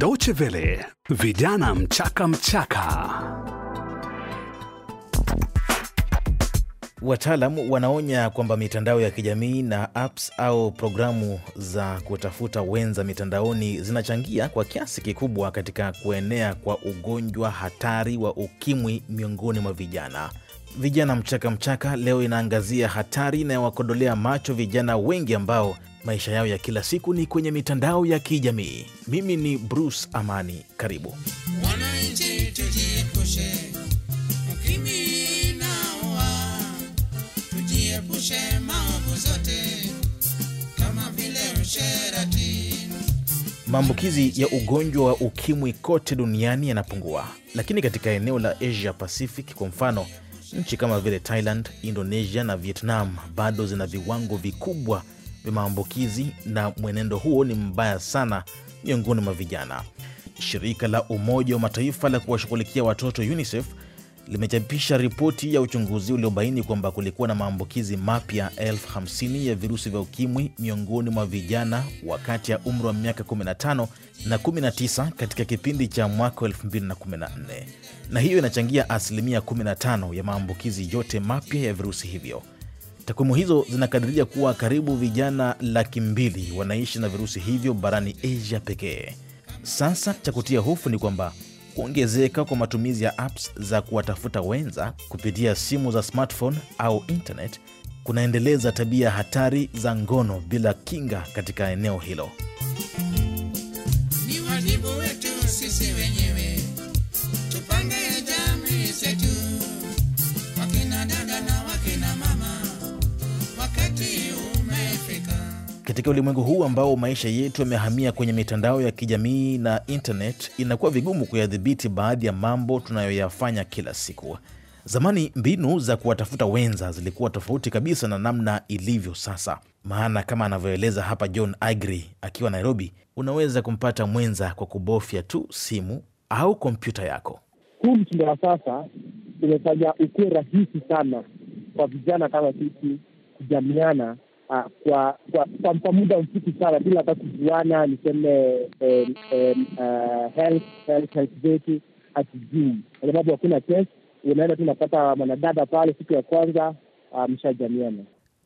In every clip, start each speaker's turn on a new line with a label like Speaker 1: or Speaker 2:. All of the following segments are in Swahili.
Speaker 1: Deutsche Welle, vijana mchaka mchaka. Wataalam wanaonya kwamba mitandao ya kijamii na apps au programu za kutafuta wenza mitandaoni zinachangia kwa kiasi kikubwa katika kuenea kwa ugonjwa hatari wa ukimwi miongoni mwa vijana. Vijana mchaka mchaka leo inaangazia hatari inayowakodolea macho vijana wengi ambao maisha yao ya kila siku ni kwenye mitandao ya kijamii. Mimi ni Bruce Amani, karibu Maambukizi ya ugonjwa wa ukimwi kote duniani yanapungua, lakini katika eneo la Asia Pacific kwa mfano nchi kama vile Thailand, Indonesia na Vietnam bado zina viwango vikubwa vya maambukizi na mwenendo huo ni mbaya sana miongoni mwa vijana. Shirika la Umoja wa Mataifa la kuwashughulikia watoto UNICEF limechapisha ripoti ya uchunguzi uliobaini kwamba kulikuwa na maambukizi mapya 50 ya virusi vya ukimwi miongoni mwa vijana wakati ya umri wa miaka 15 na 19 katika kipindi cha mwaka wa214 na hiyo inachangia asilimia 15 ya maambukizi yote mapya ya virusi hivyo. Takwimu hizo zinakadiria kuwa karibu vijana laki mbili wanaishi na virusi hivyo barani Asia pekee. Sasa cha kutia hofu ni kwamba kuongezeka kwa matumizi ya apps za kuwatafuta wenza kupitia simu za smartphone au internet kunaendeleza tabia hatari za ngono bila kinga katika eneo hilo. Ni wajibu wetu sisi wenyewe tupange Katika ulimwengu huu ambao maisha yetu yamehamia kwenye mitandao ya kijamii na intanet inakuwa vigumu kuyadhibiti baadhi ya mambo tunayoyafanya kila siku. Zamani mbinu za kuwatafuta wenza zilikuwa tofauti kabisa na namna ilivyo sasa, maana kama anavyoeleza hapa John Agri akiwa Nairobi, unaweza kumpata mwenza kwa kubofya tu simu au kompyuta yako.
Speaker 2: Huu mtindo wa sasa umefanya ukuwe rahisi sana kwa vijana kama sisi kujamiana Ah, kwa kwa muda mfupi sana bila hata kujuana, niseme eh, health zetu hatujui, kwa sababu hakuna test. Unaenda tu unapata mwanadada pale, siku ya kwanza ah, mshajamiana.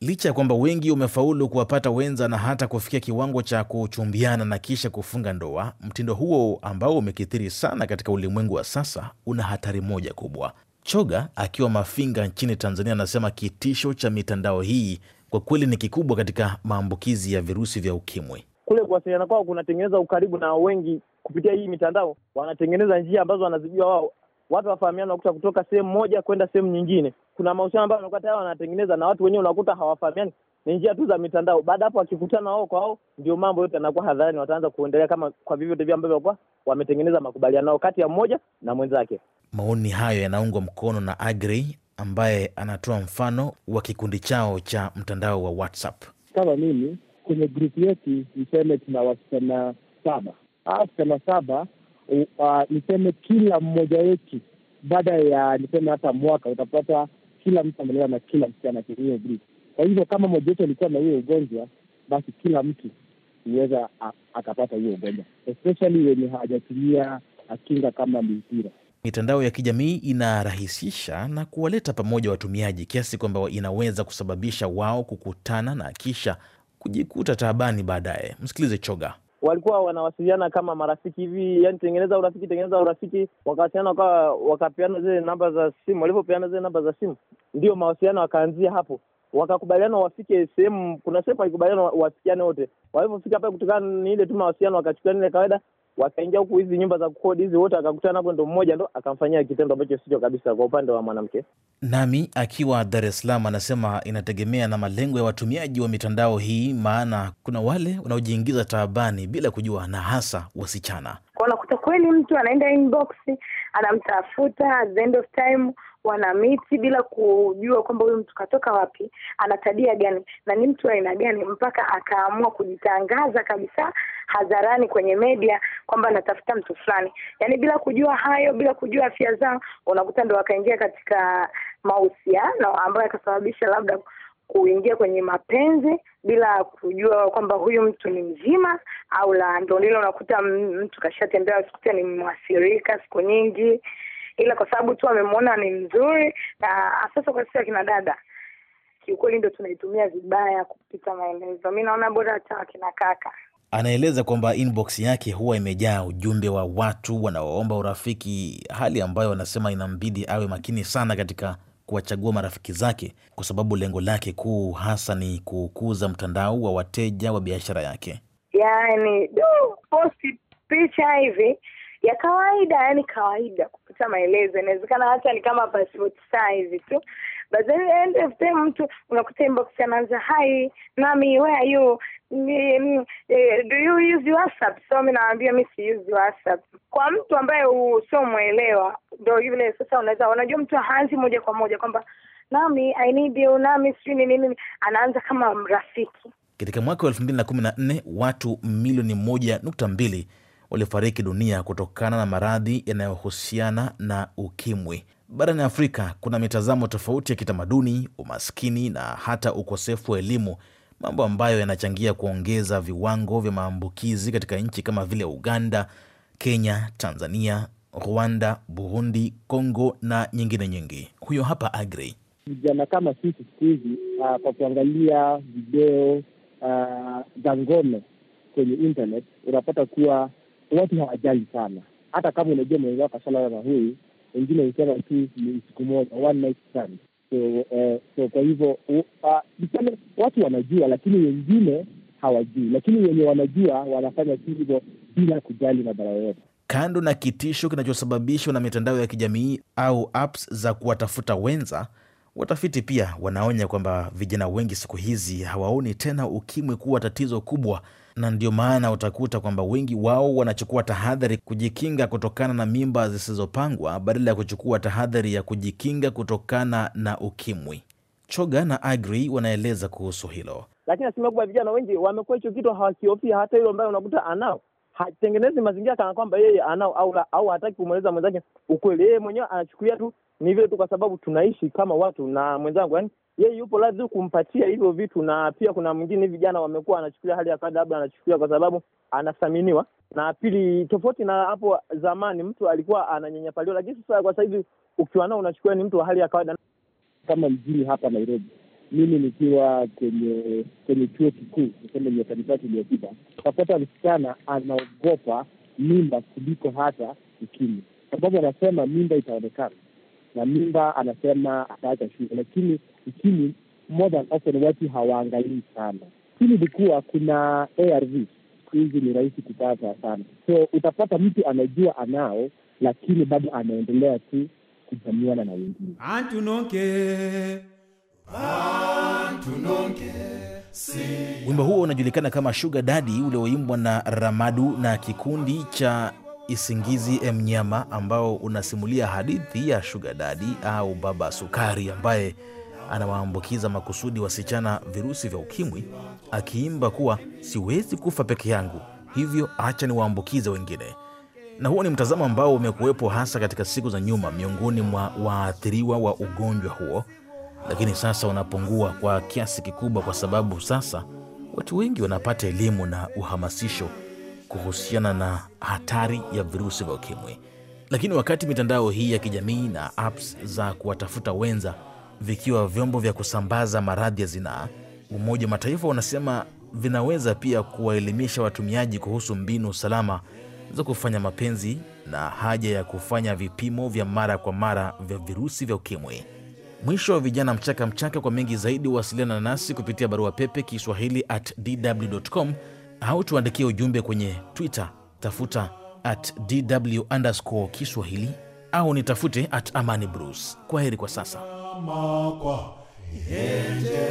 Speaker 1: Licha ya kwamba wengi umefaulu kuwapata wenza na hata kufikia kiwango cha kuchumbiana na kisha kufunga ndoa, mtindo huo ambao umekithiri sana katika ulimwengu wa sasa una hatari moja kubwa. Choga akiwa Mafinga nchini Tanzania anasema kitisho cha mitandao hii kwa kweli ni kikubwa katika maambukizi ya virusi vya ukimwi.
Speaker 3: Kule kuwasiliana kwao kunatengeneza ukaribu na wengi kupitia hii mitandao, wanatengeneza njia ambazo wanazijua wao, watu wafahamiana, unakuta kutoka sehemu moja kwenda sehemu nyingine. Kuna mahusiano ambayo wanakuta hao wanatengeneza na watu wenyewe, unakuta hawafahamiani, ni njia tu za mitandao. Baada hapo, wakikutana wao kwa wao, ndio mambo yote yanakuwa hadharani, wataanza kuendelea kama kwa vivyo vile ambavyo wametengeneza makubaliano ao kati ya mmoja na mwenzake.
Speaker 1: Maoni hayo yanaungwa mkono na Agri ambaye anatoa mfano wa kikundi chao cha mtandao wa WhatsApp.
Speaker 2: Kama mimi kwenye grupu yetu niseme tuna wasichana saba, wasichana saba uh, niseme kila mmoja wetu baada ya niseme hata mwaka utapata kila mtu amelala na kila msichana kwenye hiyo grupu. Kwa hivyo kama mmoja wetu alikuwa na hiyo ugonjwa, basi kila mtu huweza akapata hiyo ugonjwa, especially wenye hawajatumia kinga kama mipira.
Speaker 1: Mitandao ya kijamii inarahisisha na kuwaleta pamoja watumiaji kiasi kwamba inaweza kusababisha wao kukutana na kisha kujikuta taabani baadaye. Msikilize Choga. Walikuwa
Speaker 3: wanawasiliana kama marafiki hivi, yani tengeneza urafiki, tengeneza urafiki, wakawasiliana waka, wakapeana zile namba za simu. Walivyopeana zile namba za simu, ndio mawasiliano wakaanzia hapo, wakakubaliana wafike sehemu. Kuna sehemu walikubaliana wafikiane wote, walivyofika pale, kutokana ni ile tu mawasiliano, wakachukua ile kawaida wakaingia huku hizi nyumba za kukodi hizi, wote akakutana hapo, ndo mmoja ndo akamfanyia kitendo ambacho sicho kabisa kwa upande wa mwanamke.
Speaker 1: Nami akiwa Dar es Salaam anasema inategemea na malengo ya watumiaji wa mitandao hii, maana kuna wale wanaojiingiza taabani bila kujua, na hasa wasichana.
Speaker 4: Unakuta kweli mtu anaenda inbox anamtafuta, the end of time wana miti bila kujua kwamba huyu mtu katoka wapi, ana tabia gani na ni mtu aina gani, mpaka akaamua kujitangaza kabisa hadharani kwenye media kwamba anatafuta mtu fulani, yani bila kujua hayo, bila kujua afya zao, unakuta ndo wakaingia katika mahusiano ambayo akasababisha labda kuingia kwenye mapenzi bila kujua kwamba huyu mtu ni mzima au la. Ndo lile unakuta mtu kashatembea, sikuta ni mwathirika siku nyingi ila kwa sababu tu amemwona ni mzuri na hasa kwa sisi akina dada kiukweli ndo tunaitumia vibaya kupita maelezo. Mi naona bora hata wakina kaka.
Speaker 1: Anaeleza kwamba inbox yake huwa imejaa ujumbe wa watu wanaoomba urafiki, hali ambayo anasema inambidi awe makini sana katika kuwachagua marafiki zake, kwa sababu lengo lake kuu hasa ni kukuza mtandao wa wateja wa biashara yake.
Speaker 4: Yani, do posti picha hivi ya kawaida, yani kawaida sasa maelezo, inawezekana hata ni kama passport size tu, but then end of the mtu unakuta inbox anaanza hi nami where are you eh, do you use WhatsApp? So mi nawambia mi si use WhatsApp. Kwa mtu ambaye sio mwelewa, ndo yule sasa, unaweza unajua, mtu haanzi moja kwa moja kwamba nami I need you, nami sijui ni nini, anaanza kama mrafiki.
Speaker 1: Katika mwaka wa elfu mbili na kumi na nne watu milioni moja nukta mbili waliofariki dunia kutokana na maradhi yanayohusiana na ukimwi. Barani Afrika kuna mitazamo tofauti ya kitamaduni, umaskini na hata ukosefu wa elimu, mambo ambayo yanachangia kuongeza viwango vya maambukizi katika nchi kama vile Uganda, Kenya, Tanzania, Rwanda, Burundi, Kongo na nyingine nyingi. Huyo hapa Agri.
Speaker 2: Vijana kama sisi siku hizi uh, kwa kuangalia video ah, za uh, ngono kwenye internet unapata kuwa watu hawajali sana, hata kama unajua mwenezao kashala na huyu, wengine husema tu ni siku moja, one night stand. So, uh, so kwa hivyo uh, watu wanajua, lakini wengine hawajui, lakini wenye wanajua wanafanya tu hivyo bila kujali madhara yoyote.
Speaker 1: Kando na kitisho kinachosababishwa na mitandao ya kijamii au apps za kuwatafuta wenza, watafiti pia wanaonya kwamba vijana wengi siku hizi hawaoni tena ukimwi kuwa tatizo kubwa na ndio maana utakuta kwamba wengi wao wanachukua tahadhari kujikinga kutokana na mimba zisizopangwa badala ya kuchukua tahadhari ya kujikinga kutokana na ukimwi. Choga na Agri wanaeleza kuhusu hilo.
Speaker 3: Lakini asilimia kubwa vijana wengi wamekuwa hicho kitu hawakiofia hata hilo ambayo unakuta anao hatengenezi mazingira kana kwamba yeye anao au, au hataki kumweleza mwenzake ukweli, yeye mwenyewe anachukulia tu ni vile tu, kwa sababu tunaishi kama watu na mwenzangu, yani yeye yupo lazima kumpatia hivyo vitu, na pia kuna mwingine vijana wamekuwa anachukulia hali ya kawaida, labda anachukulia kwa sababu anathaminiwa, na pili, tofauti na hapo zamani mtu alikuwa ananyanyapaliwa, lakini sasa kwa sahizi
Speaker 2: ukiwa nao unachukulia ni mtu wa hali ya kawaida. Kama mjini hapa Nairobi, mimi nikiwa kwenye kwenye chuo kikuu niseme miaka mitatu iliyopita, tapata msichana anaogopa mimba kuliko hata ukimwi, sababu anasema mimba itaonekana na mimba, anasema ataacha shule, lakini nchini more watu hawaangalii sana. Hili likuwa kuna ARV hizi ni rahisi kupata sana, so utapata mtu anajua anao, lakini bado anaendelea tu kujamiana na wengine.
Speaker 1: Wimbo huo unajulikana kama Sugar Daddy ulioimbwa na Ramadu na kikundi cha Isingizi e Mnyama ambao unasimulia hadithi ya shugadadi au baba sukari ambaye anawaambukiza makusudi wasichana virusi vya ukimwi akiimba kuwa siwezi kufa peke yangu, hivyo acha niwaambukize wengine. Na huo ni mtazamo ambao umekuwepo hasa katika siku za nyuma miongoni mwa waathiriwa wa ugonjwa huo, lakini sasa unapungua kwa kiasi kikubwa, kwa sababu sasa watu wengi wanapata elimu na uhamasisho kuhusiana na hatari ya virusi vya ukimwi. Lakini wakati mitandao hii ya kijamii na apps za kuwatafuta wenza vikiwa vyombo vya kusambaza maradhi ya zinaa, Umoja wa Mataifa unasema vinaweza pia kuwaelimisha watumiaji kuhusu mbinu salama za kufanya mapenzi na haja ya kufanya vipimo vya mara kwa mara vya virusi vya ukimwi. Mwisho wa Vijana Mchaka Mchaka. Kwa mengi zaidi, wasiliana nasi kupitia barua pepe kiswahili at dw.com au tuandikie ujumbe kwenye Twitter, tafuta at DW underscore Kiswahili au nitafute at Amani Bruce. Kwa heri kwa sasa. Makwa, yenje,